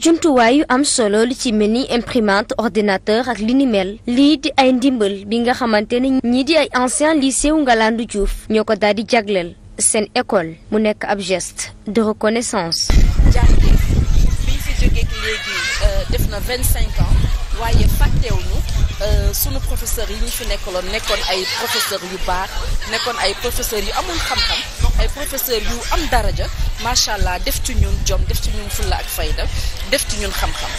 jumtuwaay yu am solo li ci mel ni imprimante ordinateur ak li ni lii di ay ndimbal bi nga xamante ne ñii di ay ancien lycée wu Ngalandou Diouf ñoo ko daal di jagleel seen école mu nekk ab geste de reconnaissance. jàngi bi fi jógee léegi euh, euh, sunu professeurs yi ñu fi nekkaloon nekkoon ay professeurs yu baax nekkoon ay professeurs yu amul xam-xam. ay professeur yu am daraja macha allah def ci ñun jom def ci ñun fulla ak fayda def ci ñun xam-xam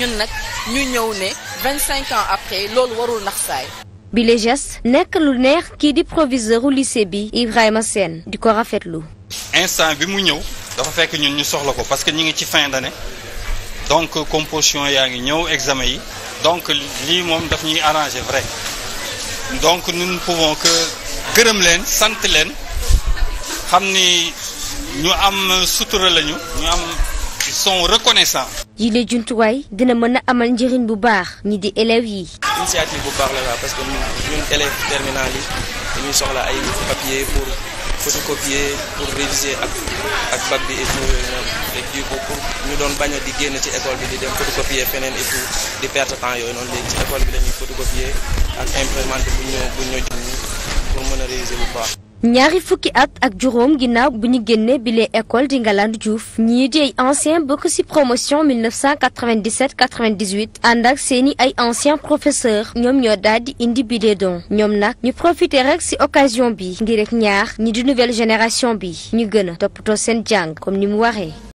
ñun nag ñu ñëw ne 25 ans après loolu warul nax saay. bi les gestes nekk lu neex kii di proviseur u lycée bi Ibrahima seen di ko rafetlu. instant bi mu ñëw dafa fekk ñun ñu soxla ko parce que ñu ngi ci fin d'année donc composition yaa ngi ñëw examen yi donc lii moom daf ñuy arranger vrai donc nous ne pouvons que leen sant leen. xam ni ñu am sutura lañu ñu am ils sont reconnaissants. yi la jumtuwaay dina mën a amal njëriñ bu baax ñi di élèves yi. initiative bu baax la daal parce que ñun élèves terminale yi dañuy soxla ay papier pour photocopier pour réviser ak ak bac bi et tout yooyu noonu et ñu doon bañ di génn ci ecole bi di dem photocopier feneen et di perte temps yooyu noonu léegi ci école bi la ñuy photocopier ak imprimante bu ñu bu ñu pour mën a réviser bu baax. ñaari fukki at ak juróom ginnaaw bu ñu génnee bile école di Ngalandou Diouf ñii di ay anciens bokk ci promotion 1997 98 ànd ak seeni ay anciens professeurs ñoom ñoo daal indi bile don ñoom nag ñu profiter rek ci occasion bi ngir rek ñaar ñi di nouvelle génération bi ñu gën a toppatoo seen jàng comme ni mu waree.